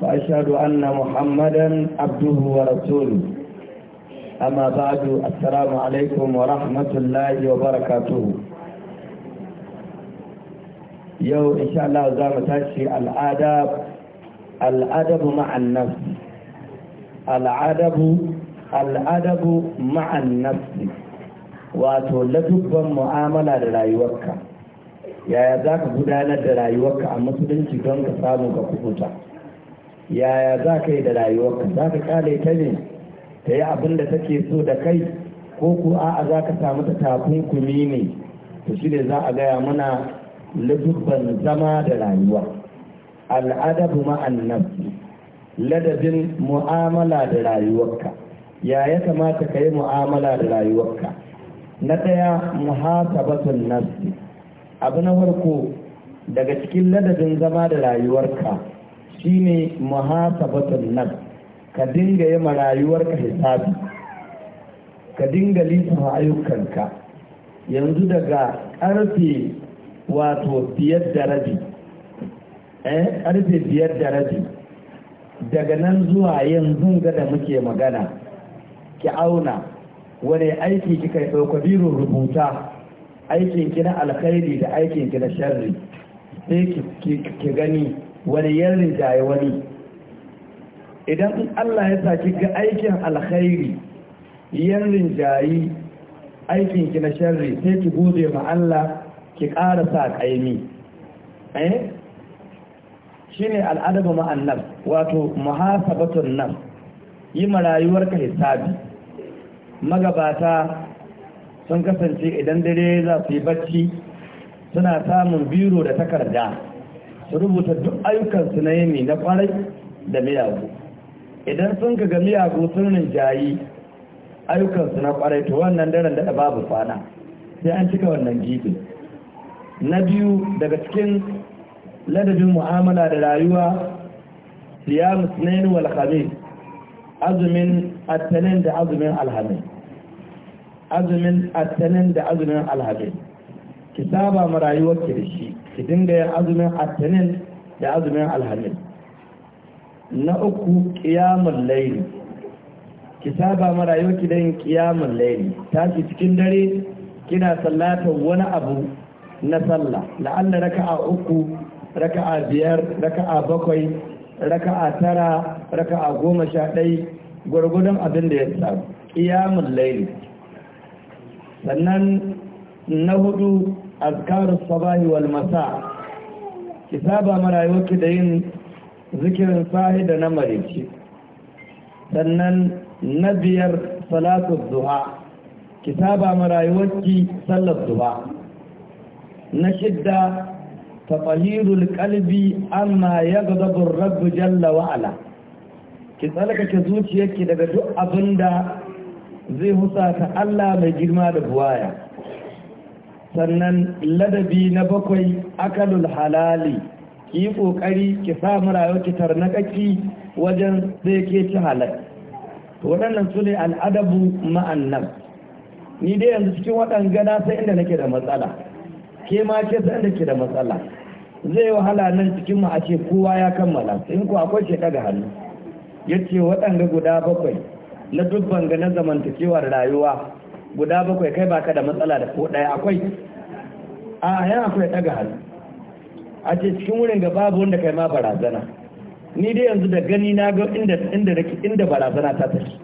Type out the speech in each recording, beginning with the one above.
وأشهد أن محمدا عبده ورسوله أما بعد السلام عليكم ورحمة الله وبركاته يو إن شاء الله زام تشي الأدب الأدب مع النفس الأدب الأدب مع النفس وتولدك معاملة لرايوكا yaya za ka gudanar da rayuwarka a musulunci don ka samu ka kubuta yaya za ka yi da rayuwarka za ka kale ta ne ta yi abin da take so da kai ko ku a'a za ka samu ta takunkumi ne to shi ne za a gaya mana lubban zama da rayuwa al'adabu ma'an nan ladabin mu'amala da rayuwarka ya ya kamata ka yi mu'amala da rayuwarka na ɗaya muhasabatun nafsi abu na farko daga cikin ladabin zama da rayuwarka shine muhasabatun nafs ka dinga yi marayuwar ka hisabi ka dinga lissafa ayyukanka yanzu daga karfe wato biyar da rabi eh karfe biyar da rabi daga nan zuwa yanzu ga da muke magana ki auna wani aiki kika yi kabiru rubuta aikin ki na alkhairi da aikin ki na sharri sai ki gani wani yan rinjaye wani idan Allah ya saki ga aikin alkhairi yan rinjayi aikin ki na sharri sai ki gode ma Allah ki ƙara sa ƙaimi eh shine al'adabu ma'an nafs wato muhasabatun nafs yi ma rayuwarka hisabi magabata sun kasance idan dare za su yi bacci suna samun biro da takarda su rubuta duk ayyukansu na yini na kwarai da miyagu idan sun ka ga miyagu sun rinjayi ayyukansu na kwarai to wannan daren da babu fana sai an cika wannan gibi na biyu daga cikin ladabin mu'amala da rayuwa siyamu sunayin wal azumin attanin da azumin alhamis azumin attanin da azumin alhamis ki saba ma rayuwar ki da shi ki dinga yin azumin attanin da azumin alhamin na uku kiyamun laili ki saba marayu ki da yin ƙiyamun laili cikin dare kina sallatar wani abu na sallah la'alla raka'a uku raka'a biyar raka'a bakwai raka'a tara raka'a goma sha ɗai gwargwadon abin da ya samu Kiyamun laili sannan na hudu azkarus sabahi wal masa ki saba da yin zikirin sahi da na marici sannan na biyar salatu duha ki saba rayuwarki sallar duha na shidda tafahirul kalbi amma ya gazabin rabu jalla wa'ala ki tsarkake zuciyarki daga duk abinda zai husata Allah mai girma da buwaya sannan ladabi na bakwai akalul halali ki yi ƙoƙari ki samu rayuwarki tarnaƙaƙi wajen zai ke ci halal waɗannan su ne al'adabu ma'annan ni dai yanzu cikin waɗanga na sai inda nake da matsala ke ma ke sai inda ke da matsala zai yi wahala nan cikin mu a ce kowa ya kammala in ku akwai ce daga hannu ya ce waɗanga guda bakwai na dubban ga na zamantakewar rayuwa guda bakwai kai baka da matsala da ko ɗaya akwai a yana akwai ɗaga hannu a ce cikin wurin ga babu wanda kai ma barazana ni dai yanzu da gani na ga inda inda inda barazana ta tashi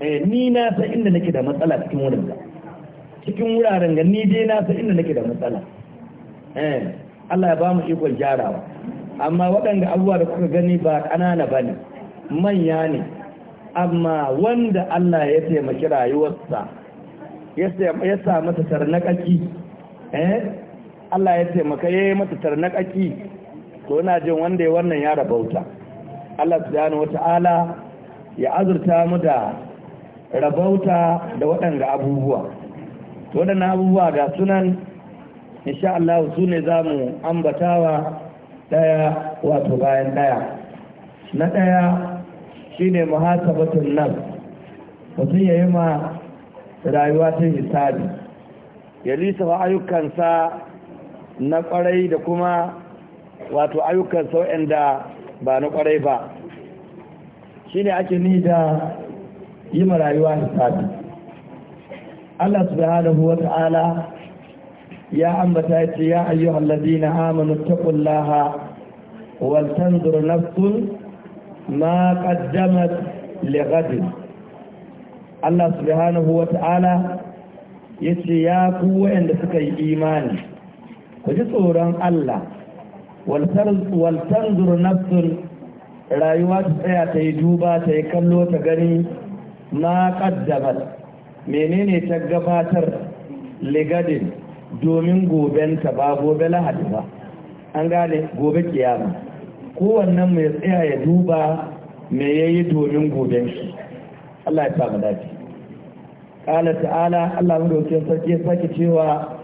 eh ni na sa inda nake da matsala cikin wurin ga cikin wuraren ga ni dai na sa inda nake da matsala eh Allah ya ba mu ikon jarawa. amma waɗanda abubuwa da kuka gani ba ƙanana ba ne manya ne amma wanda Allah ya taimaki rayuwarsa ya sa mata tarnakaki eh Allah ya taimaka ya yi mata tarnakaki to ina jin wanda ya wannan ya rabauta Allah subhanahu wata'ala ya azurta mu da rabauta da waɗanda abubuwa to waɗannan abubuwa ga sunan insha Allah su ne za mu ambatawa ɗaya wato bayan ɗaya na ɗaya shine muhasabatun nan mutum ya yi ma rayuwa ta hisabi ya lisafa ayyukansa na kwarai da kuma wato ayyukansa waɗanda ba na kwarai ba shi ne ake ni da yi ma rayuwa hisabi Allah subhanahu ya ambata ya ce ya ayyuhal ladina na Amadu ta tanzur nafsun ma qaddamat li Allah subhanahu wa ta'ala ya ce ya ku waɗanda suka yi imani ku ji tsoron Allah waltar zuru nafsun rayuwa ta tsaya ta yi duba ta yi kallo ta gani ma ƙaddamat menene ta gabatar ligadin domin gobenta ba gobe lahadi ba an gane gobe kiyama kowannen mai tsaya ya duba me yayi domin goben shi Allah ta'ala Allah mai dokin sarki ya sake cewa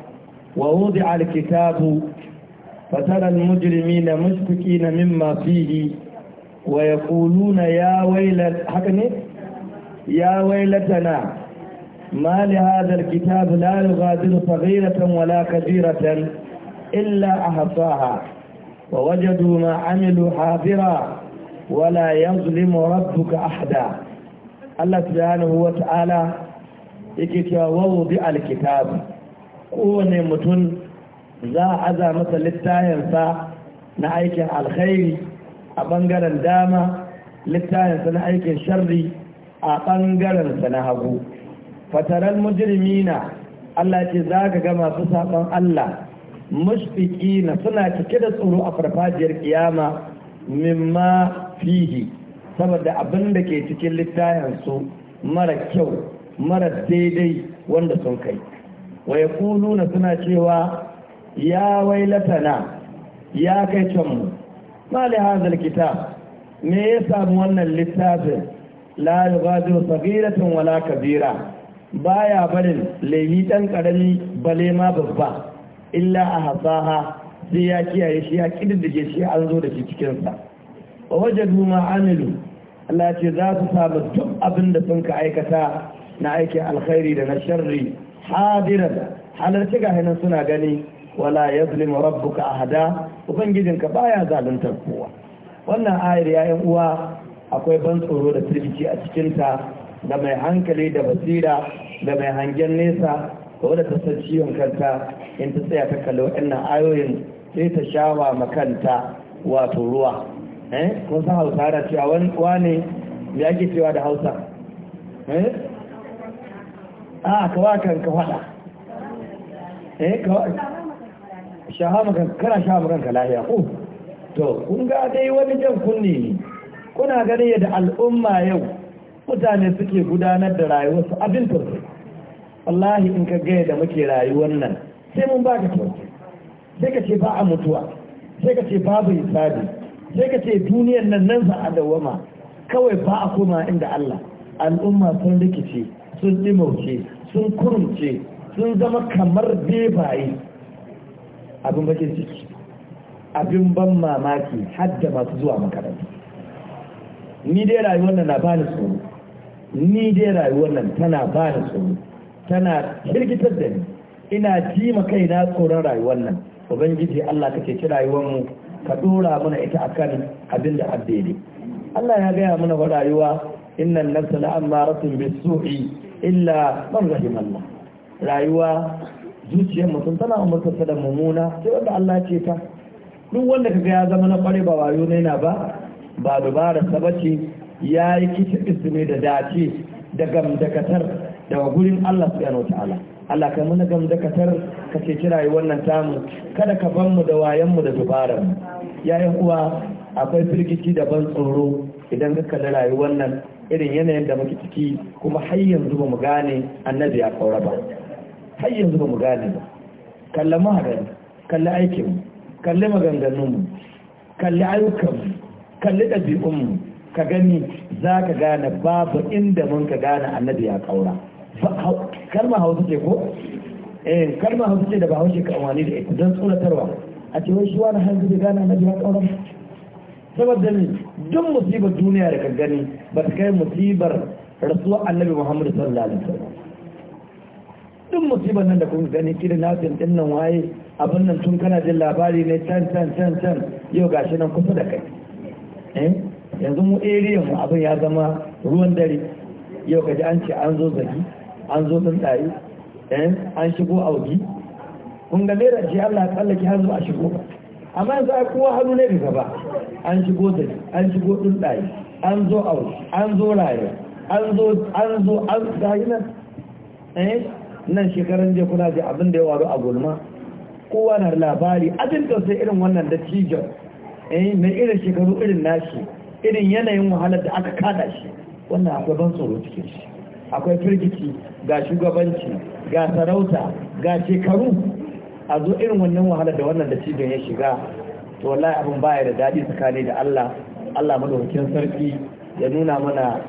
wa wudi alkitabu fatara almujrimina na mimma fihi wa yaquluna ya waylat haka ne ya waylatana ma li hadha alkitab la wala saghiratan wa kabiratan illa ahsaha wa wajadu ma amilu hadira wa la yuzlimu rabbuka ahda. Allah subhanahu wa ta'ala yake cewa wawo bi alkitab kowane mutum za a aza masa littayensa na aikin alkhairi a ɓangaren dama littayensa na aikin sharri a ɓangarensa na hagu fataran na, Allah ce za ka ga masu saɓon Allah mushfiki na suna cike da tsoro a farfajiyar kiyama mimma fihi saboda abin da ke cikin littayansu mara kyau mara daidai wanda sun kai wa ya suna cewa ya wailatana ya kai canmu ma li hazal kitab me ya samu wannan littafin la yughadiru saghiratan wala kabira baya barin lehi dan karami bale ma babba illa a hasaha sai ya kiyaye shi ya kididdige shi an zo da shi cikin sa wa wajadu ma amilu Allah ce za su samu duk abin da sun ka aikata na aikin alkhairi da na sharri hadiran halarci ga hannun suna gani wala yazlim rabbuka ahada ka baya zaluntar kowa wannan ayar yayin uwa akwai ban tsoro da firgici a cikin ta da mai hankali da basira da mai hangen nesa da ta san ciwon kanta in ta tsaya ta kallo wannan ayoyin sai ta shawa makanta wato ruwa eh kun san hausa da cewa wani ne ya ke cewa da hausa eh a kawa kan ka faɗa eh kawa shaha makan kana shaha ka lahiya ko to kun ga dai wani jan kunni ne kuna gani yadda al'umma yau mutane suke gudanar da rayuwarsu abin turfi wallahi in ka gaya da muke rayuwar nan sai mun ka kyau sai ka ce ba a mutuwa sai ka ce babu hisabi sai ka ce duniyar nan nan za a dawama kawai ba a koma inda Allah al'umma sun rikice sun dimauce sun kurumce sun zama kamar bebaye abin bakin ciki abin ban mamaki hadda masu zuwa makaranta ni dai rayuwar nan na bani tsoro ni dai rayuwar nan tana bani tsoro tana hirgitar da ni ina ji ma kaina tsoron rayuwar nan ubangiji Allah kace ci rayuwar mu ka dora mana ita akan abin da addini Allah ya gaya mana wa rayuwa innan nafsa la amaratun bisu'i illa man rahim Allah rayuwa zuciyar mutum tana umurtarsa da mumuna. sai wanda Allah ce ta duk wanda kaga ya zama na kware ba wayo ne na ba ba dubara sabace ya yi isme da dace da gamdakatar da gurin Allah subhanahu ta'ala Allah kai muna gamdakatar ka ceci rayuwar nan tamu kada ka ban mu da wayan mu da dubaran mu yayin uwa akwai firgici da ban tsoro idan ka kalli rayuwar nan irin yanayin da muke ciki kuma har yanzu ba mu gane annabi ya kaura ba har yanzu ba mu gane ba kalli maharan kalli aikin kalli maganganun kalli ayyukan kalli ɗabi'un ka gani za ka gane babu inda mun ka gane annabi ya kaura kalma hausa ce ko eh kalma hausa ce da ba hausa ka amfani da ita don tsoratarwa a cewa shi wani hanzu da gane na ya ƙauran saboda ne don musibar duniya da ka gani ba ta kai musibar rasuwa annabi muhammadu sallallahu alaihi wasallam duk musibar nan da kun gani kiri na tsintsin nan waye abin nan tun kana jin labari ne can can can can yau gashi nan kusa da kai eh? yanzu mu eriyan mu abin ya zama ruwan dare yau kaji an ce an zo zagi an zo tsuntsaye eh? an shigo auki kun ga naira ce Allah ya tsallake hannu a shigo ba amma yanzu ai kowa hannu ne daga ba an shigo da an shigo din dai an zo au an zo raye an zo an zo an dai nan eh nan shekaran je kuna ji abin da ya waro a gulma kowa na labari abin da sai irin wannan da tijo eh mai irin shekaru irin nashi irin yanayin wahalar da aka kada shi wannan akwai ban tsoro cikin shi akwai firgici ga shugabanci ga sarauta ga shekaru a zo irin wannan wahala da wannan da cibiyar ya shiga to wallahi abin baya da daɗi tsakani da Allah Allah madaukakin sarki ya nuna mana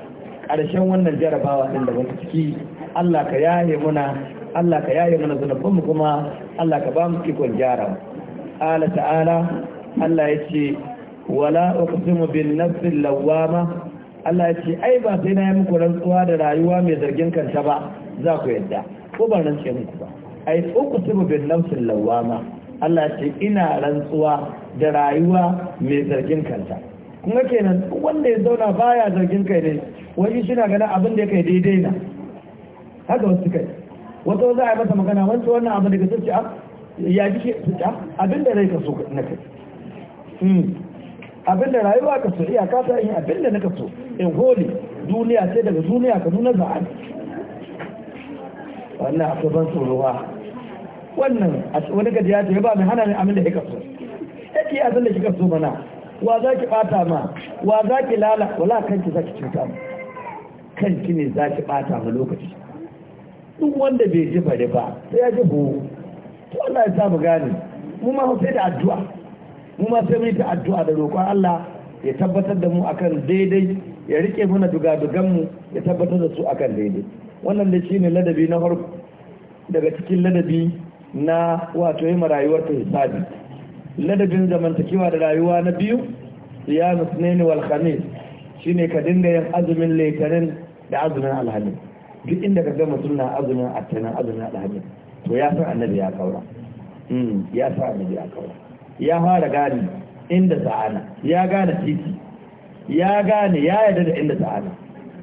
ƙarshen wannan jarabawa din da wata ciki Allah ka yaye muna Allah ka yaye mana mu kuma Allah ka ba mu ikon gyara Allah ta'ala Allah ya ce wala uqsimu bin nafsil lawama Allah ya ce ai ba sai na yi muku rantsuwa da rayuwa mai zargin kanta ba za ku yadda ko ba ce muku ba ai uqsimu bin nausin lawama Allah ce ina rantsuwa da rayuwa mai zargin kanta kuma kenan wanda ya zauna baya zargin kai ne wani shi na ganin abin da kai daidai na haka wasu kai wata za a yi masa magana wancan wannan abin da ka sace a ah, ya ji ke ta ah, abin da rai ka so na kai hmm. abin da rayuwa ka so iya ka ta yin abin da na ka so in holi duniya sai daga duniya ka nuna za'ani wannan akwai ban tsoro wannan wani gaji ya ba mai hana ne amin da ya so yake eh, abin da kika so mana wa za ki bata ma wa za ki lala wala kanki za ki cuta mu kanki ne za ki bata ma lokaci duk wanda bai ji fare ba sai ya ji ho to Allah ya sa mu gane mu ma sai da addu'a mu ma sai mu yi ta addu'a da roƙon Allah ya tabbatar da mu akan daidai ya rike mana dugadugan mu ya tabbatar da su akan daidai wannan da shine ladabi na farko daga cikin ladabi na wato yi marayuwar ta hisabi ladabin zamantakewa da rayuwa na biyu ya nusneni wal khamis shine ka dinga yin azumin laitanin da azumin alhamis duk inda ka gama suna azumin attanin azumin alhamis to ya san annabi ya kaura hmm, ya san annabi ya kaura ya fara gane inda sa'ana ya gane titi ya gane ya yarda da inda sa'ana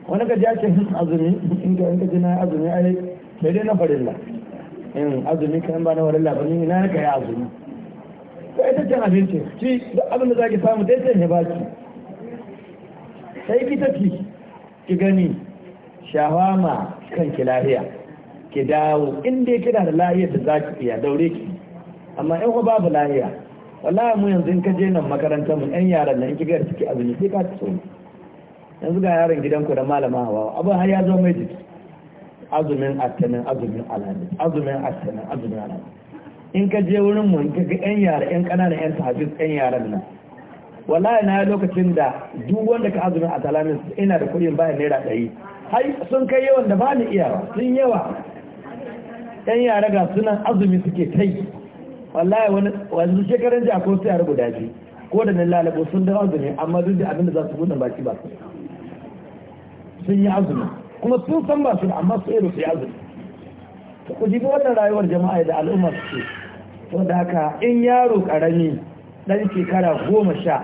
wani ka ji ake hmm, azumi in ka ji na azumi ai sai dai na farilla in azumi ka in ba na warin labarin ina ka yi azumi ko ita ce abinci ci duk abin da zaki samu dai sai ne baki sai ki tafi ki gani shawama kan ki lahiya ki dawo in dai kina da lahiya da zaki iya daure ki amma in ko babu lahiya wallahi mu yanzu in ka je nan makarantar mu ɗan yaran nan ki ga ciki azumi sai ka tsoro yanzu ga yaron gidanku da malama hawa abin har ya zo mai jiki azumin attanin azumin alamin azumin attanin azumin alamin in ka je wurin mu ka ga yan yara yan ƙananan yan tahajjud yan yaran nan wallahi na lokacin da duk wanda ka azumin atalamin ina da kudin bayan naira ɗari hai sun kai yawan da ba ni iyawa sun yawa yan yara ga sunan azumi suke kai wallahi wani wani shekaran jiya ko sai yara guda biyu ko da nan lalabo sun da azumi amma duk da abin da za su buɗe baki ba sun yi azumi kuma sun san ba su da amma su irin su yazu ta ku jibi wannan rayuwar jama'a da al'umma su ce to da haka in yaro karami dan shekara goma sha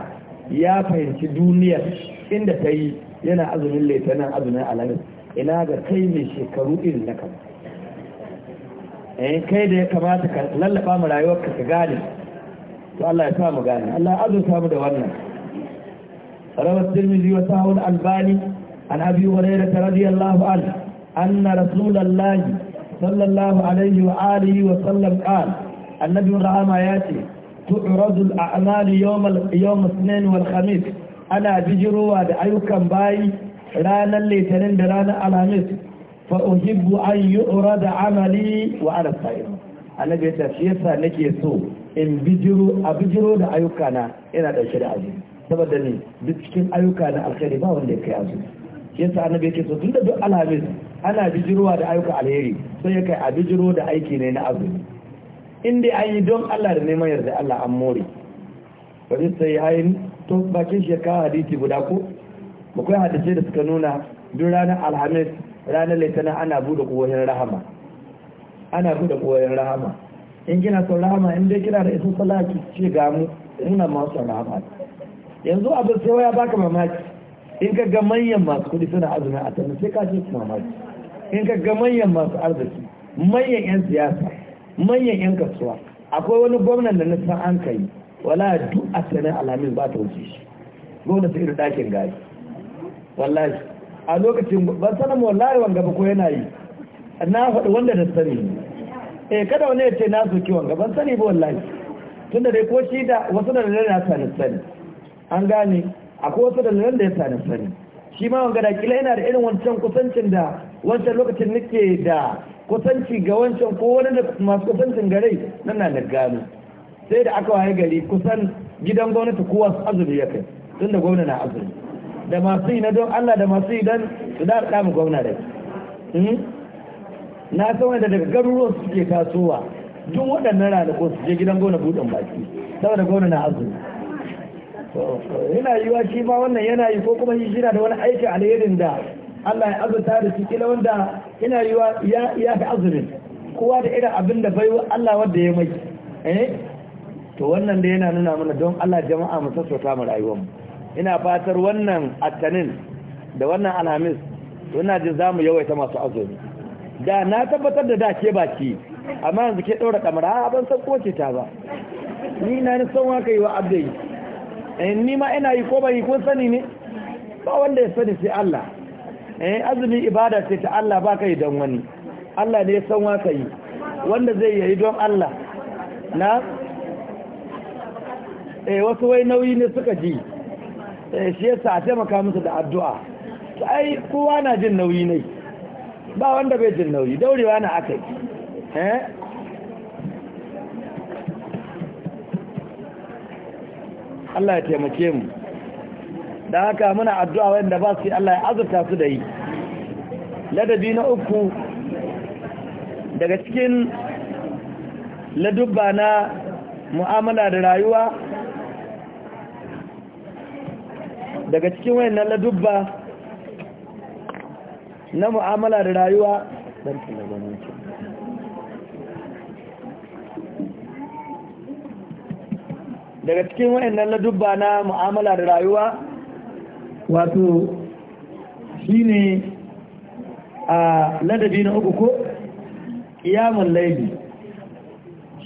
ya fahimci duniyar inda ta yi yana azumin laifinan azumin alamin ina ga kai mai shekaru irin na kan eh kai da ya kamata ka lallaba mu rayuwar ka gane to Allah ya sa mu gane Allah ya azurta mu da wannan rawat tirmidhi wa sahul albani عن أبي هريرة رضي الله عنه أن رسول الله صلى الله عليه وآله وسلم قال النبي رأى ما ياتي تعرض الأعمال يوم ال... يوم الاثنين والخميس أنا بجروا أيكم باي رانا الاثنين رانا الخميس فأحب أن يعرض عملي وأنا صائم annabi ya tafi yasa nake so in bijiro a bijiro da ayyuka na ina da shari'a saboda ne duk cikin ayyuka na alkhairi ba wanda ya kai azumi yasa annabi yake so tunda duk alhamis ana bijirwa da ayyuka alheri sai ya kai a bijiro da aiki ne na azumi in dai an yi don Allah da neman yarda Allah an more bari sai hayin to bakin shi ya kawo hadisi guda ko kai hadisi da suka nuna duk ranar alhamis ranar litinin ana bude koyon rahama ana bude koyon rahama in kina son rahama in dai kina da isa salati ki ce ga mu muna masu rahama yanzu abin sai ya baka mamaki in ka ga manyan masu kuɗi suna azumin a tattalin sai ka ce su mamaki in ka ga manyan masu arziki manyan 'yan siyasa manyan 'yan kasuwa akwai wani gwamnan da na san an kai wala duk a tattalin alamin ba ta wuce shi gwamnan sai irin ɗakin gari wallahi a lokacin ban sanar wallahi wanga ba ko yana yi na faɗi wanda na sani eh kada wani ya ce na soki wanga ban sani ba wallahi tunda dai ko shi da wasu da na sani an gane akwai wasu nan da ya sani sani shi ma wanga da kila yana da irin wancan kusancin da wancan lokacin nake da kusanci ga wancan ko wani da masu kusancin gare nan na da gano sai da aka waye gari kusan gidan gwamnati kowa azumi ya kai tun da gwamna na azumi da masu yi na don Allah da masu yi don su da da mu gwamna da hmm? na san wanda daga garuruwan suke tasowa duk waɗannan ranakun su je gidan gwamna buɗin baki saboda gwamna na azumi yana yiwa shi ma wannan yana yi ko kuma shi da wani aiki alherin da Allah ya azurta da shi kila wanda yana yiwa ya fi azurin kowa da irin abin da baiwa Allah wanda ya mai eh to wannan da yana nuna mana don Allah jama'a mu sassauta mu rayuwar mu ina fatar wannan attanin da wannan alhamis ina jin zamu yawaita masu azumi da na tabbatar da da ke baki amma yanzu ke daura kamar a ban san ko ce ta ba ni na ni san haka yi wa abdai Eh, ni ma ina yi ko ba yi kun sani ne ba wanda ya sani sai Allah eh azumi ibada ce ta Allah ba kai don wani Allah ne ya san wa kai wanda zai yi don Allah na eh wasu wai nauyi ne suka ji eh shi yasa a taimaka musu da addu'a ai kowa na jin nauyi ne ba wanda bai jin nauyi daurewa na akai eh Allah ya taimake mu da haka muna addu'a wanda ba su Allah ya azurta su da yi ladabi na uku daga cikin ladubba na mu'amala da rayuwa daga cikin wayannan ladubba na mu'amala da rayuwa ɗan daga cikin wayannan ladubba na mu'amala da rayuwa wato shine a ladabi na uku ko kiyamun laili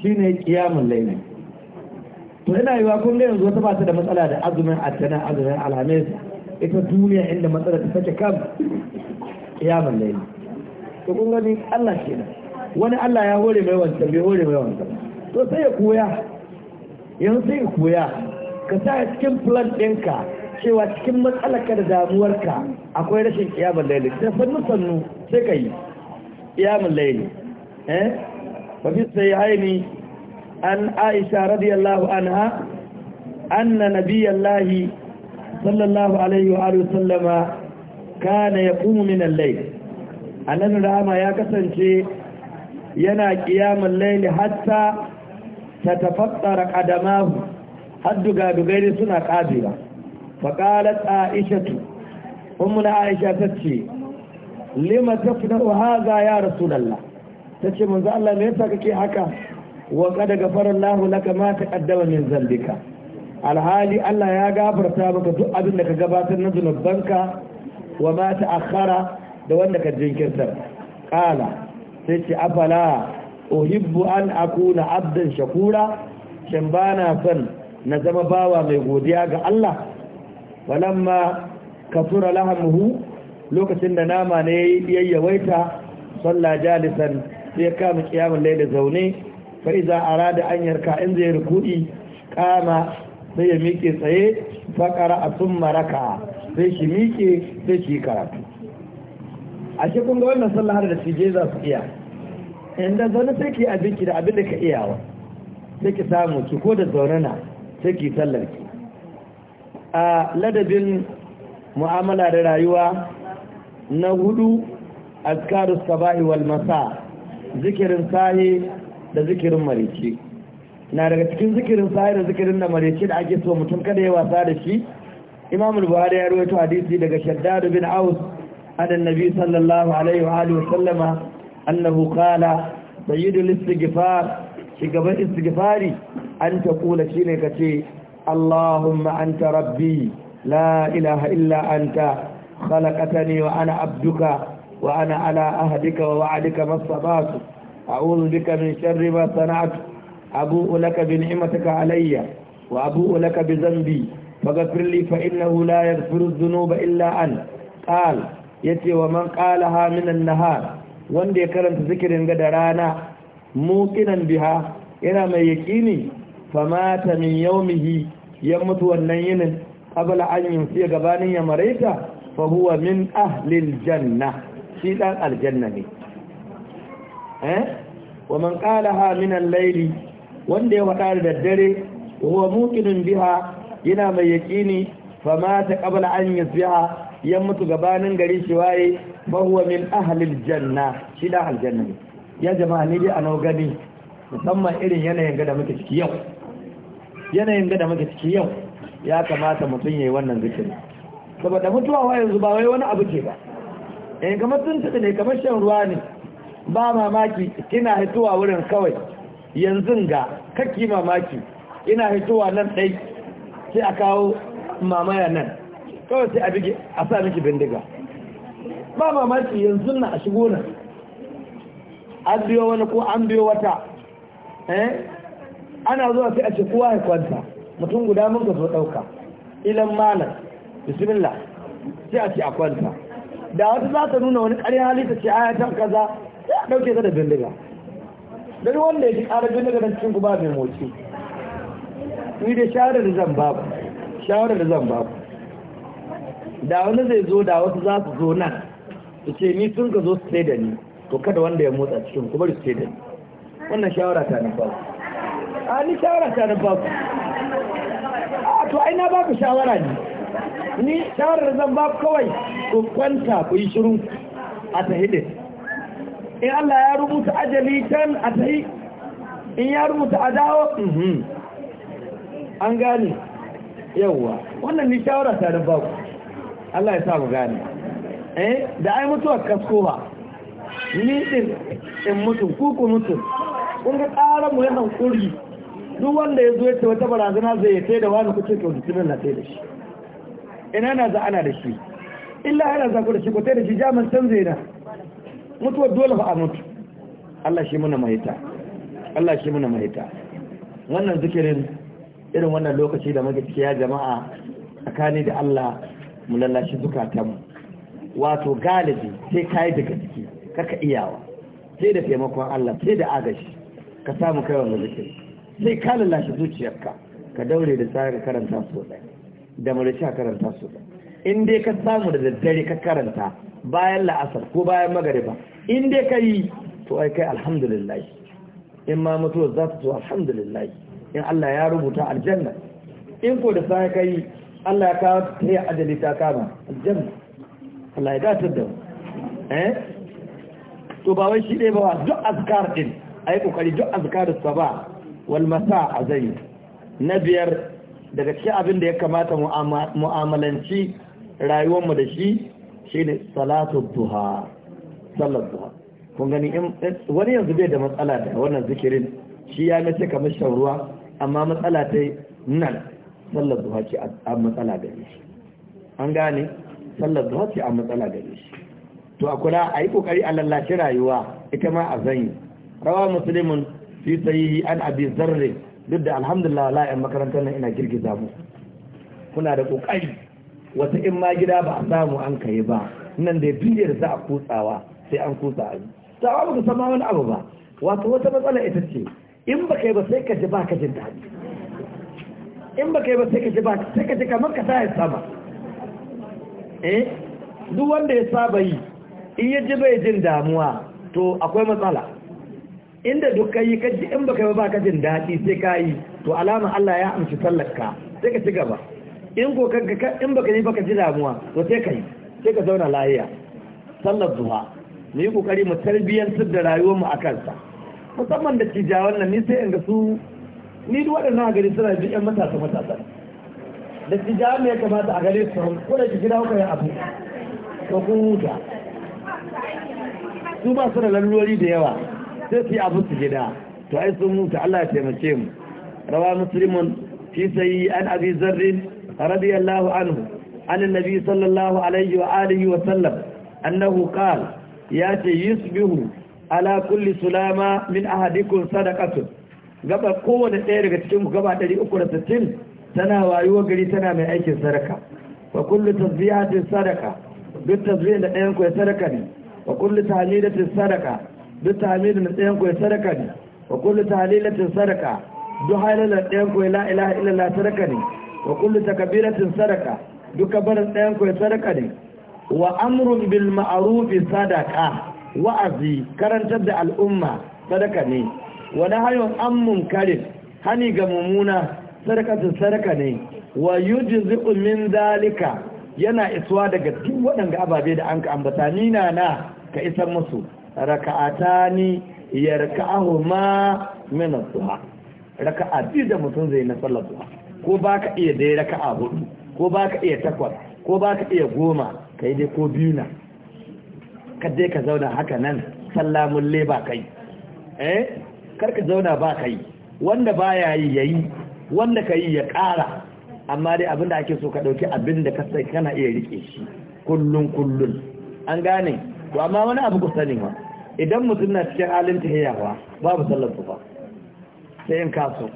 shine kiyamun laili to ina yiwa kun ga yanzu wata ba ta da matsala da azumin attana azumin alhamis ita duniya inda matsala ta take kam kiyamun laili to kun gani Allah kenan wani Allah ya hore mai wancan bai hore mai wancan to sai ya koya yanzu yi koya ka sa cikin plan ɗinka cewa cikin matsalaka da damuwarka akwai rashin kiyamun laili da sannu sannu sai ka yi kiyamun laili eh ba fi sai haini an aisha radiyallahu anha na nabiyallahi sallallahu alaihi wa sallama kana yaqumu min al a nan rama ya kasance yana kiyamun laili hatta ta tafassara ƙadamahu har dugadugai suna ƙabewa faƙalar aishatu ummuna aisha ta ce lima ta fi haza ya rasulallah ta ce manzu Allah me yasa kake haka wa daga ghafara lahu laka kamata ƙaddama min zambika alhali Allah ya gafarta maka duk abin da ka gabatar na zunubanka wa ma ta'akhkhara da wanda ka jinkirta Ƙala, sai ce afala uhibbu an akuna abdan shakura shan bana son na zama bawa mai godiya ga Allah walamma kafura lahamuhu lokacin da nama ne yayyawaita salla jalisan sai kama kiyamun laila zaune fa iza arada an yarka in zai rukudi kama sai ya miƙe tsaye faƙara a sun maraka sai shi miƙe sai shi karatu a shi kun ga wannan sallah har da cije za su iya inda zaune sai ki abinki da abin da ka iya wa sai ki samu ki ko da zaune na sai ki sallar ki a ladabin mu'amala da rayuwa na hudu azkarus sabahi wal masa zikirin sahi da zikirin marici na daga cikin zikirin sahi da zikirin da marici da ake so mutum kada ya wasa da shi imam buhari ya rawaito hadisi daga shaddad bin aus annabi sallallahu alaihi wa alihi wa sallama annahu qala sayyidul istighfar shugaban istighfari an ta kula shine kace Allahumma anta rabbi la'ilaha ilaha illa anta khalaqtani wa ana abduka wa ana ala ahdika wa wa'dika masabatu a'udhu bika min sharri ma sana'tu abu'u laka bi ni'matika alayya wa abu'u laka bi dhanbi faghfir li fa innahu la yaghfiru dhunuba illa wa man nahar wanda ya karanta zikirin ga da rana muqinan biha yana mai yaqini famata min yawmihi ya mutu wannan yinin qabla an yin yunsi gabanin ya maraita fa huwa min ahli aljanna shi dan aljanna ne eh wa man qalaha min al-layli wanda ya wada da dare huwa muqinun biha yana mai yaqini mata qabla an yusbiha ya mutu gabanin gari shi waye fa huwa min ahlil janna shi da aljanna ne ya jama'a ne dai a nau gani musamman irin yanayin ga da muke ciki yau yanayin ga da ciki yau ya kamata mutum yayi wannan zikiri saboda mutuwa wa yanzu ba wai wani abu ce ba eh kamar tuntuɓe ne kamar shan ruwa ne ba mamaki kina hituwa wurin kawai yanzu ga kakki mamaki ina hituwa nan dai sai a kawo mamaya nan kawai sai a bige a sa miki bindiga ba mamaki yanzu na a shigo nan an biyo wani ko an biyo wata eh ana zuwa sai a ce kowa ya kwanta mutum guda mun ka so ɗauka ilan malam bismillah sai a ce a kwanta da wata za ta nuna wani ƙarya hali ta ce aya ta kaza sai a ɗauke ta da bindiga don wanda ya ji ƙara bindiga don cikin ba mai moci ni da shawarar zan babu shawarar zan babu da wani zai zo da wasu za su zo nan yace ni sun ka zo su sai da ni to kada wanda ya motsa cikin ku bari su sai da ni wannan shawara ta nan babu a ni shawara ta nan babu a to ai na baku shawara ne ni shawarar zan baku kawai ku kwanta ku yi shiru a hide in Allah ya rubuta ajali kan a yi in ya rubuta a dawo an gane yawwa wannan ni shawara ta da baku Allah ya sa mu gane eh da ai mutuwar kasko ba ni din in mutum ku ku mutum kun ga ƙarar mu yana kuri duk wanda ya zo ya ce wata barazana zai yace da wani kuce to mutumin na tsaye da shi ina na za ana da shi illa ana za ku da shi ku sai da shi jaman can zai na mutuwar dole ba a mutu Allah shi muna mahita Allah shi muna mahita wannan zikirin irin wannan lokaci da muke ya jama'a tsakani da Allah mu lallashi zukatanmu wato galibi sai ka daga ciki kaka iyawa sai da taimakon Allah sai da agashi ka samu kaiwa ga sai ka lalace zuciyarka ka daure da tsara karanta su da da marisha karanta su da in dai ka samu da daddare ka karanta bayan la'asar ko bayan magariba in dai ka yi to ai kai alhamdulillah in ma mutuwa za ta zo alhamdulillah in Allah ya rubuta aljanna in ko da sai ka yi Allah ya kawo ta yi ajali ta kama aljanna Allah ya datar da eh to ba wai shi ne ba wa duk azkar din ai kokari duk azkar saba wal masa azai na biyar daga cikin abin da ya kamata mu'amalanci rayuwar mu da shi shine salatu duha sallar duha kun gani wani yanzu bai da matsala da wannan zikirin shi ya mace kamar shan ruwa amma matsala ta nan sallar duha ce a matsala da shi an gane sallar da ce a matsala da shi to a kula a yi kokari a lallace rayuwa ita ma a zanyi rawa musulmin fi sayi an abi zarre duk da alhamdulillah wala yan makarantar nan ina girgiza mu kuna da kokari wata in ma gida ba a samu an kai ba nan da fiye za a kutsawa sai an kutsa a yi ba baka sama wani abu ba wato wata matsala ita ce in ba yi ba sai ka ji ba ka jin daɗi in ba kai ba sai ka ji ba sai ka ji kamar ka sa ya sama eh duk wanda ya saba yi in ya ji bai jin damuwa to akwai matsala inda duk kai kaji in baka ba ka jin daɗi sai ka yi to alama Allah ya amshi sallarka sai ka ci gaba in ko kanka in baka yi baka ji damuwa to sai ka yi sai ka zauna lahiya sallar zuwa mu yi kokari mu tarbiyyantar da rayuwar mu akan sa musamman da tijawan nan ni sai in ga su ni duk waɗannan gari suna bi matasa matasa da su ja ya kamata a gare su ko da gida kuka yi abu to kun huta su ba su da lalurori da yawa sai su yi abu su gida to ai sun huta Allah ya taimake mu rawa muslimun fi sayi an abi zarri radiyallahu anhu an annabi sallallahu alaihi wa alihi wa sallam annahu qala ya ce yusbihu ala kulli sulama min ahadikum sadaqatu gaba kowane ɗaya daga cikin gaba 360 tana wayo gari tana mai aikin sadaka wa kullu tasbihatin sadaka duk tasbih da ɗayan ku sadaka ne wa kullu tahlilatin sadaka duk tahmidin da ɗayan ku sadaka ne wa kullu tahlilatin sadaka duk da ɗayan ku la ilaha illallah sadaka ne wa kullu takbiratin sadaka duka da ɗayan ku sadaka ne wa amrun bil ma'ruf sadaka wa'azi karantar da al'umma sadaka ne wa nahyun ammun munkarin hani ga mumuna sadakatun sadaka ne wa yujzi'u min zalika yana isuwa daga duk waɗanda ababe da an ka ambata ni na na ka isar musu raka'atani ma min as-duha raka'a biyu da mutum zai na sallar duha ko baka iya dai raka'a hudu ko baka iya takwas ko baka iya goma kai dai ko biyu na ka dai ka zauna haka nan sallamun leba kai eh kar ka zauna ba kai wanda baya yi yayi wanda ka yi ya ƙara amma dai abin da ake so ka ɗauki abin da ka sai kana iya riƙe shi kullun kullun an gane to amma wani abu ku sani ma idan mutum na cikin halin tahiyawa babu sallar ba sai in kaso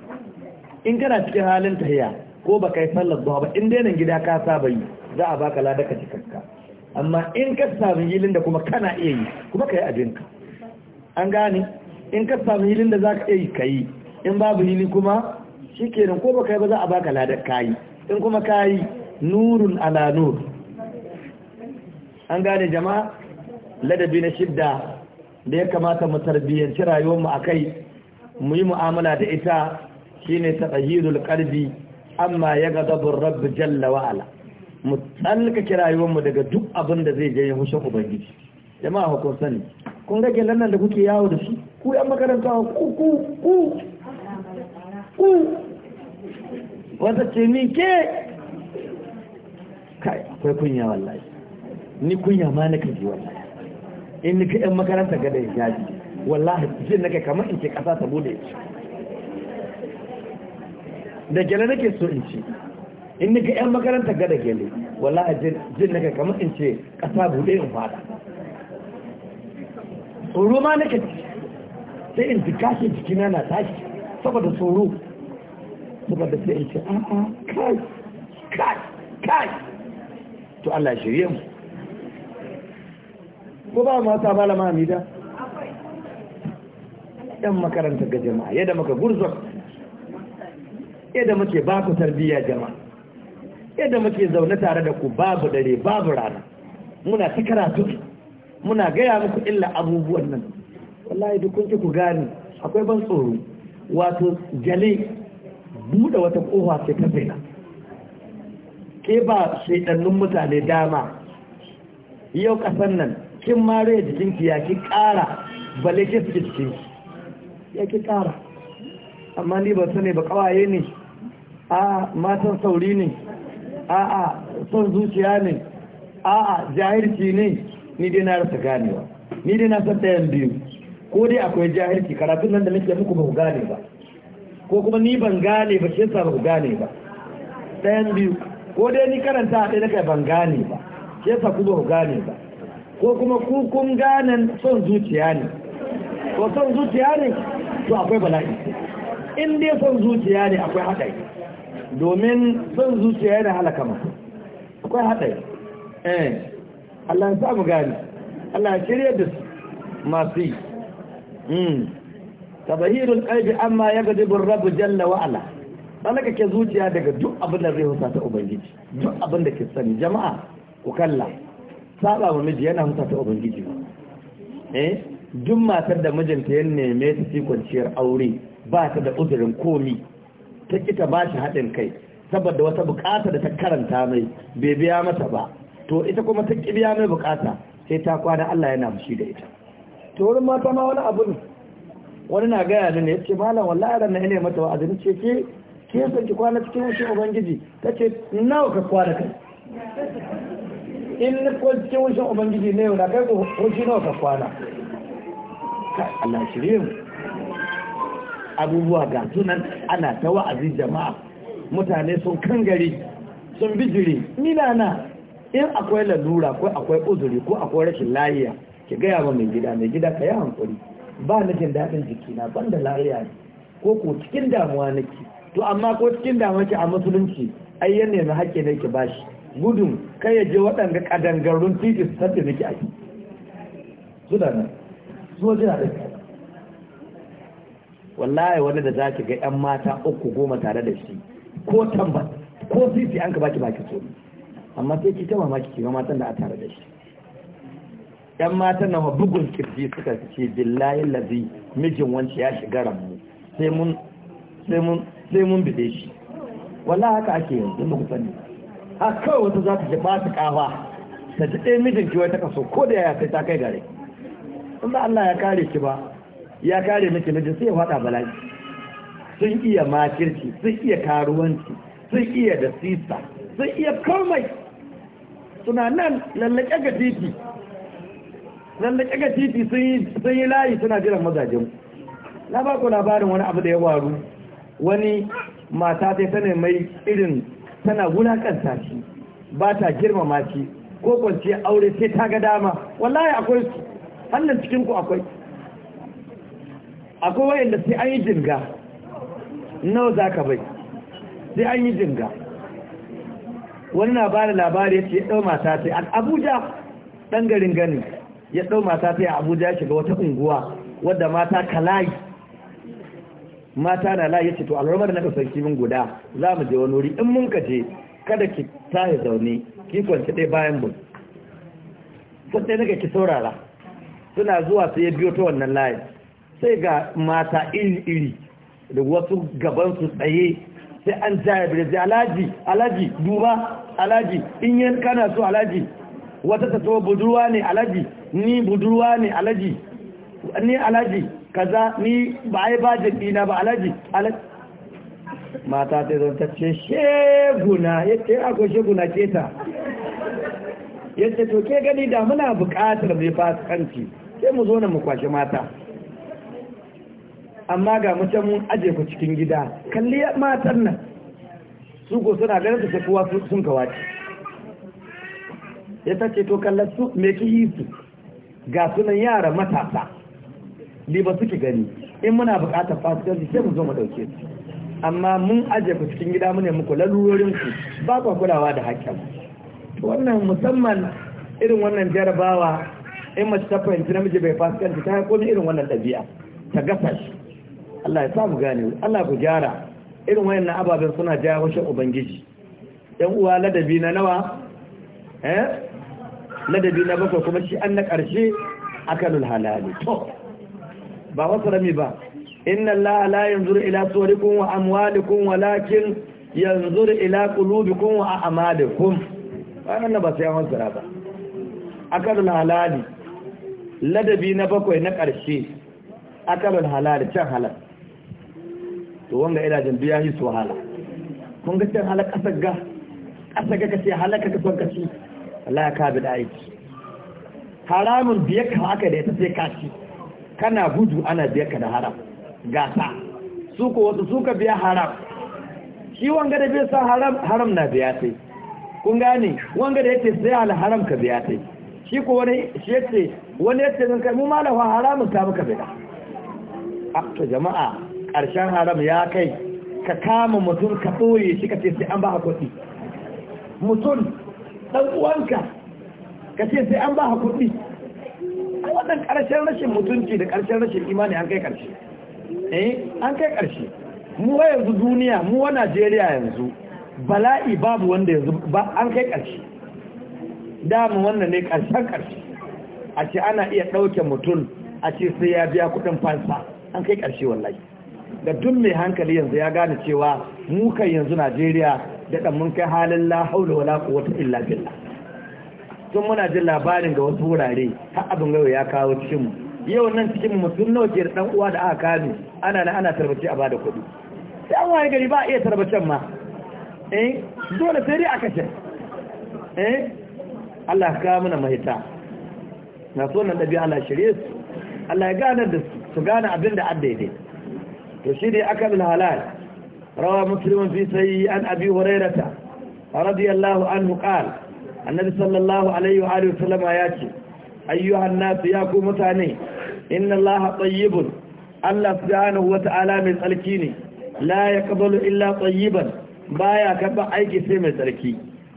in kana cikin halin tahiya ko ba kai sallar duha ba in dai gida ka saba yi za a baka ladaka cikakka amma in ka samu yilin da kuma kana iya yi kuma ka yi abinka an gane in ka samu yilin da za ka iya yi ka yi in babu yili kuma shi kenan ko baka ba za a baka ladar kayi in kuma kayi nurun ala nur an gane jama'a ladabi na shidda da ya kamata mu tarbiyyanci rayuwarmu a kai mu yi mu'amala da ita shine tsahirul qalbi amma ya gadabur rabb jalla wa ala mu tsallaka mu daga duk abin da zai janye hushin ubangiji jama'a hukun sani kun ga gelan da kuke yawo da shi ku yan makaranta ku ku ku ku wata ce ni ke kai akwai kunya wallahi ni kunya ma na kaji wallahi in ni ka yan makaranta ga da gaji wallahi jin kai kamar in ce kasa ta bude da gele nake so in ce in ni ka yan makaranta ga da gele wallahi jin kai kamar in ce kasa bude in fada tsoro ma kaji sai in ji kashin jikina na tashi saboda tsoro da sai in ce a'a kai kai kai to Allah ya shirye mu ko ba mu ta malama amida yan makaranta ga jama'a yadda muka gurzo yadda muke ba ku tarbiyya jama'a yadda muke zaune tare da ku babu dare babu rana muna ta karatu muna gaya muku illa abubuwan nan wallahi duk kun ki ku gane akwai ban tsoro wato jale buɗe wata ƙofa sai ta zina ke ba shaidannun mutane dama yau ƙasar nan kin mare jikinki ya ki ƙara bale ke suke jikinki ya ki ƙara amma ni ba su ne, ba ƙawaye ne a matan sauri ne a a son zuciya ne a a jahilci ne ni dai na rasa ganewa ni dai na san ɗayan biyu ko dai akwai jahilci karatun nan da nake muku ba ku gane ba ko kuma ni ban gane ba shi yasa ba ku gane ba ɗayan biyu ko dai ni karanta a ɗaya na kai ban gane ba shi yasa ku ba ku gane ba ko kuma ku kun ganen son zuciya ne ko son zuciya ne to akwai bala'i in dai son zuciya ne akwai haɗari domin son zuciya yana halaka mutum akwai haɗari eh Allah ya sa mu gane Allah ya shirya da su masu yi hmm. tabahiru qalbi amma yaghdibu ar-rabb jalla wa'ala, ala ke zuciya daga duk abin da zai husata ubangiji duk abin da ke sani jama'a ku kalla saba wa miji yana husata ubangiji eh duk matar da mijinta ya neme ta ci kwanciyar aure ba ta da uzurin komi ta ki ba shi haɗin kai saboda wata bukata da ta karanta mai bai biya mata ba to ita kuma ta ki biya mai bukata sai ta kwana Allah yana mushi da ita to wurin mata ma wani abu ne wani na gaya ne ya ce malam wallahi ran na ne mata wa'azi ce ke ke san ki kwana cikin wushin ubangiji ta ce nawa ka kwana kai in ko cikin wushin ubangiji ne yau na kai ko wushi nawa ka kwana kai Allah shirye mu abubuwa ga sunan ana ta wa'azi jama'a mutane sun gari sun bijiri ni na na in akwai lalura ko akwai uzuri ko akwai rashin layiya ki gaya wa mai gida mai gida ka yi hankuri ba na jin daɗin jikina ban da lariya ne ko ko cikin damuwa nake to amma ko cikin damuwa ce a musulunci ai ya nemi haƙƙi ne bashi gudun kai ya je waɗanda ƙadangarun titi su sadda nake a su suna nan sojina da wallahi wani da zaki ga yan mata uku goma tare da shi ko tambar ko titi an ka baki baki so amma sai ki ta mamaki ki ga matan da a tare da shi yan matan nawa bugun kirji suka ce billahi lazi mijin wancan ya shiga ramu sai mun sai mun bide shi wala haka ake yanzu muku kusanni a kawai wata za ta jaba su ta kafa ta ji ɗaya eh, mijin ki ta kaso ko da ya sai ta kai gare in ba Allah ya kare ki ba ya kare miki mijin sai ya fada bala'i sun iya makirci sun iya karuwanci sun iya da sisa sun iya komai suna nan lallake ga titi nan da kaga titi sun yi layi suna jiran mazajen na ba ku labarin wani abu da ya waru wani mata ta tana mai irin tana wulakanta shi ba ta girmama shi ko kwanci aure sai ta ga dama wallahi akwai su hannun cikin ku akwai akwai wayanda sai an yi jinga nawa za ka bai sai an yi jinga wani na bada labari ya ce ɗau mata sai abuja ɗan garin gani ya ɗau mata ta yi abuja ya shiga wata unguwa wadda mata ka layi. mata na layi ce to alwarmar na kasar kimin guda za mu je wani wuri in mun ka je kada ki tahi zaune ki kwanci ɗaya bayan mu sun daga ki saurara suna zuwa sai ya biyo ta wannan layi sai ga mata iri-iri da wasu gabansu tsaye sai an jaya bire sai alaji alaji duba alaji in yin kana so alaji wata ta to budurwa ne alaji ni budurwa ne alaji ni alaji kaza ni ba a yi ba jikina ba alaji mata ta zo ta ce sheguna ce ako sheguna ce ta ce to ke gani da muna buƙatar mai fasikanci sai mu zo na mu kwashe mata amma ga mutum mun aje ku cikin gida kalli matan nan su ko suna ganin su kowa sun kawace ya ta ce to kallon su me ki su ga sunan yara matasa ne ba suke gani in muna bukatar fasikanci sai mu zo mu ɗauke su amma mun aje ku cikin gida mu ne muku lalurorin ku ba ku kulawa da hakkan wannan musamman irin wannan jarabawa in mace ta fahimci namiji bai fasikanci ta haiko irin wannan ɗabi'a ta gasa shi Allah ya samu gane Allah ku gyara irin wayannan ababen suna jawo shan ubangiji yan uwa ladabi na nawa eh? ladabi na bakwai kuma shi an na ƙarshe kanul halali to ba wasu rami ba inna la'ala la ila tsorikun wa amwalikun walakin yanzu ila kulubikun wa a'malikum na ba sai an wasu ba kanul halali ladabi na bakwai na ƙarshe kanul halali can halar. to wanga ina jin biya yi su wahala kun ga can halal kasar ga kasar ga kace halar ka son kaci wallahi ka bi da aiki haramun biyar ka haka da ita sai ka kana gudu ana biyar ka da haram gasa su ko wasu suka biya haram shi wanga da bai sa haram haram na biya sai kun gane wanga da yace sai al haram ka biya sai shi ko wani shi yace wani yake mun kai mu malafa haramun ta muka bida to jama'a karshen haram ya kai ka kama mutum ka ɗoye shi ka ce sai an ba kuɗi mutum dan uwanka ka ce sai an ba ha kuɗi a wannan ƙarshen rashin mutunci da ƙarshen rashin imani an kai ƙarshe eh an kai ƙarshe mu wa yanzu duniya mu wa Najeriya yanzu bala'i babu wanda yanzu ba an kai ƙarshe dama wannan ne ƙarshen ƙarshe a ce ana iya ɗauke mutum a ce sai ya biya kuɗin fansa an kai ƙarshe wallahi da duk mai hankali yanzu ya gane cewa mu kai yanzu Najeriya da ɗan mun kai halin la haula wala quwwata illa billah tun muna jin labarin ga wasu wurare har abin gawo ya kawo cikin mu yau nan cikin mu sun nawa ke da ɗan uwa da aka kame ana na ana tarbace a bada kuɗi sai an waye gari ba a iya tarbacen ma eh dole sai dai aka ce eh Allah ka kawo mana mahita na so nan ɗabi'a Allah shirye su Allah ya gane da su gane abin da an daidai to shi dai akalul halal روى مسلم في سيء عن أبي هريرة رضي الله عنه قال النبي صلى الله عليه وآله وسلم ياتي أيها الناس ياكو متاني إن الله طيب الله سبحانه وتعالى من تلكيني لا يقبل إلا طيبا بايا كبا أيكي سيمة تلكي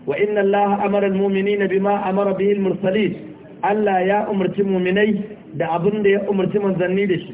وإن الله أمر المؤمنين بما أمر به المرسلين Allah ya umarci muminai da abin da ya umarci manzanni da shi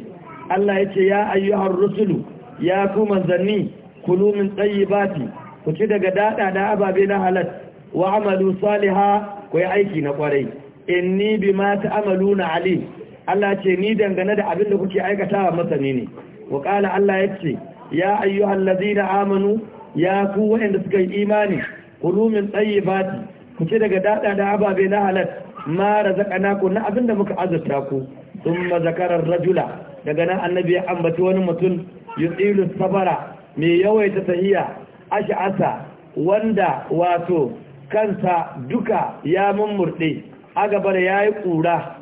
Allah ya ce ya ayyuhar rusulu ya ku manzanni kulu min tayyibati ku ci daga daɗa da ababe na halal wa amalu saliha ku yi aiki na kwarai In ma ta amalu na Ali. Allah ce ni dangane da abin da kuke aikatawa masani ne wa ƙala Allah ce ya na amanu ya ku waɗanda suka yi imani kulu min tayyibati ku ci daga daɗa da ababe na halal ma razaqnakum na abin da muka azurta ku thumma zakarar rajula daga nan annabi ya ambaci wani mutum yusilu sabara mai yawaita tahiya ash'asa wanda wato kansa duka ya mummurde agabar yayi kura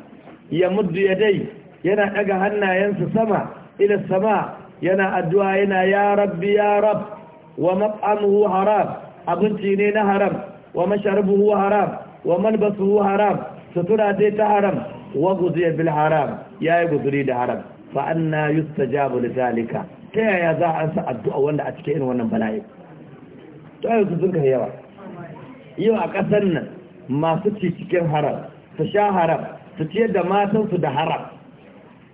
ya muddu dai yana ɗaga hannayensa sama ila sama yana addu'a yana ya rabbi ya rab wa maq'amuhu haram abinci ne na haram wa masharbuhu haram wa malbasuhu haram sutura dai ta haram wa guziya bil haram yayi guzuri da haram fa anna yustajabu lidhalika ta yaya za a ansa addu'a wanda a cikin irin wannan bala'i to ayo su zunka yawa yau a ƙasar nan masu ci cikin haram su sha haram su ciyar da matansu da haram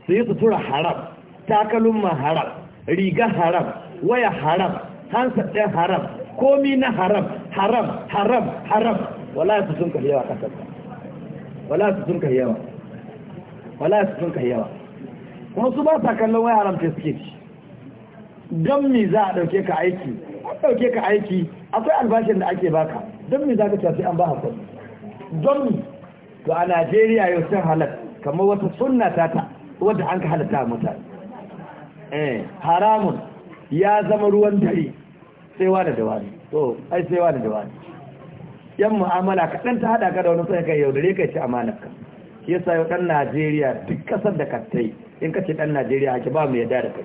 su yi sutura haram takalin ma haram riga haram waya haram hansa ɗin haram komi na haram haram haram haram wala su sun yawa ƙasar wala su zunka yawa wala su zunka yawa kuma su ba sa kallon waya haram ce suke ci don me za a ɗauke ka aiki an ɗauke ka aiki akwai albashin da ake baka don me za ka tafi an ba hakuri don me to a najeriya yau sun halar kamar wata sunna ta ta wadda an ka halatta a mutane eh, haramun ya zama ruwan dare sai wani da wani to ai sai wani da wani yan mu'amala kaɗan ta haɗa ka da wani sai ka yaudare ka ci ka shi yasa yau ɗan najeriya duk ƙasar da ka in ka ce ɗan najeriya ake ba mu yadda da kai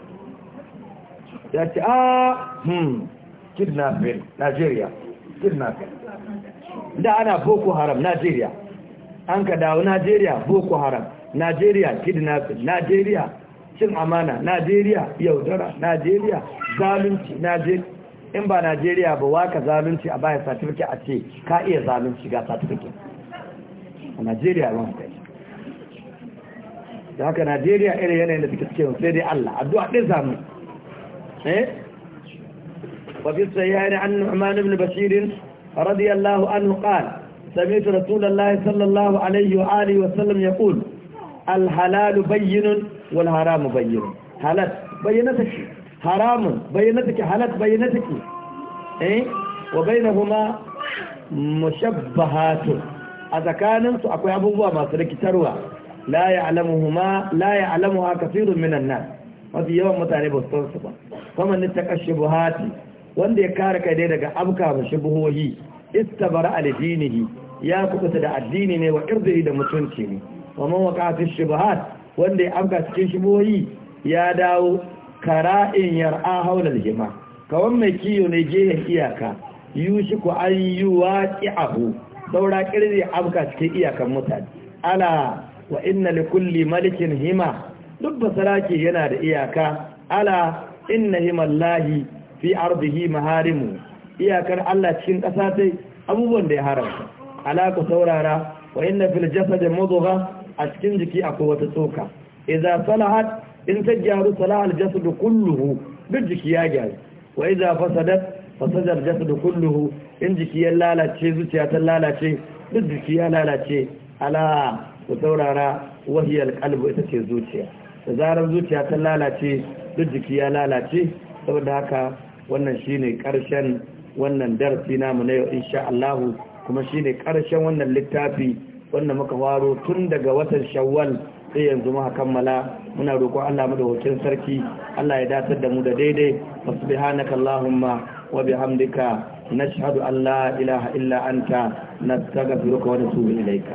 ya ce a ah, hmm kidnapping nigeria kidnapping da ana boko haram nigeria an ka dawo nigeria boko haram nigeria kidnapping nigeria cin amana nigeria yaudara nigeria zalunci nigeria in ba nigeria ba waka zalunci a bayan certificate a ce ka iya zalunci ga certificate a nigeria ba da haka nigeria irin yanayin da suke cikin sai dai allah addu'a ɗin zamu وفي السيار عن نعمان بن بشير رضي الله عنه قال سمعت رسول الله صلى الله عليه وآله وسلم يقول الحلال بين والحرام بين حلال بينتك حرام بينتك حلال بينتك إيه؟ وبينهما mushabbahatun a tsakaninsu akwai abubuwa masu rikitarwa la ya'lamuhuma la ya'lamuha kathirun minan nas mafi yawan mutane ba su san su ba faman ittaqa shubuhati wanda ya kare kai dai daga abka ba shubuhohi istabara al ya kubuta da addini ne wa irdihi da mutunci ne waman waqa'a fi shubuhat wanda ya abka cikin shubuhohi ya dawo kara'in yar'a haula al-hima kawan mai kiyo ne je iyaka yushiku an yuwaqi'ahu daura kirzi abka cikin iyakan mutane ala wa inna likulli malikin hima duk basaraki yana da iyaka ala inna himallahi fi ardihi maharimu iyakar Allah cikin ƙasa sai abubuwan da ya haramta ala saurara wa inna fil jasad mudgha a cikin jiki akwai wata tsoka idza salahat in ta gyaru salahal jasad kulluhu duk jiki ya gyaru wa idza fasadat fasadar jasadu kulluhu in jiki ya lalace zuciya ta lalace duk jiki ya lalace ala ku saurara wahiyar qalbu ita ce zuciya da zarar zuciya ta lalace duk jiki ya lalace saboda haka wannan shine karshen wannan darasi mu na yau insha Allah kuma shine karshen wannan littafi wanda muka faro tun daga watan Shawwal sai yanzu muka kammala muna roƙon Allah mu da madaukakin sarki Allah ya datar da mu da daidai allahumma wa bihamdika nashhadu an la ilaha illa anta nastaghfiruka wa natubu ilayka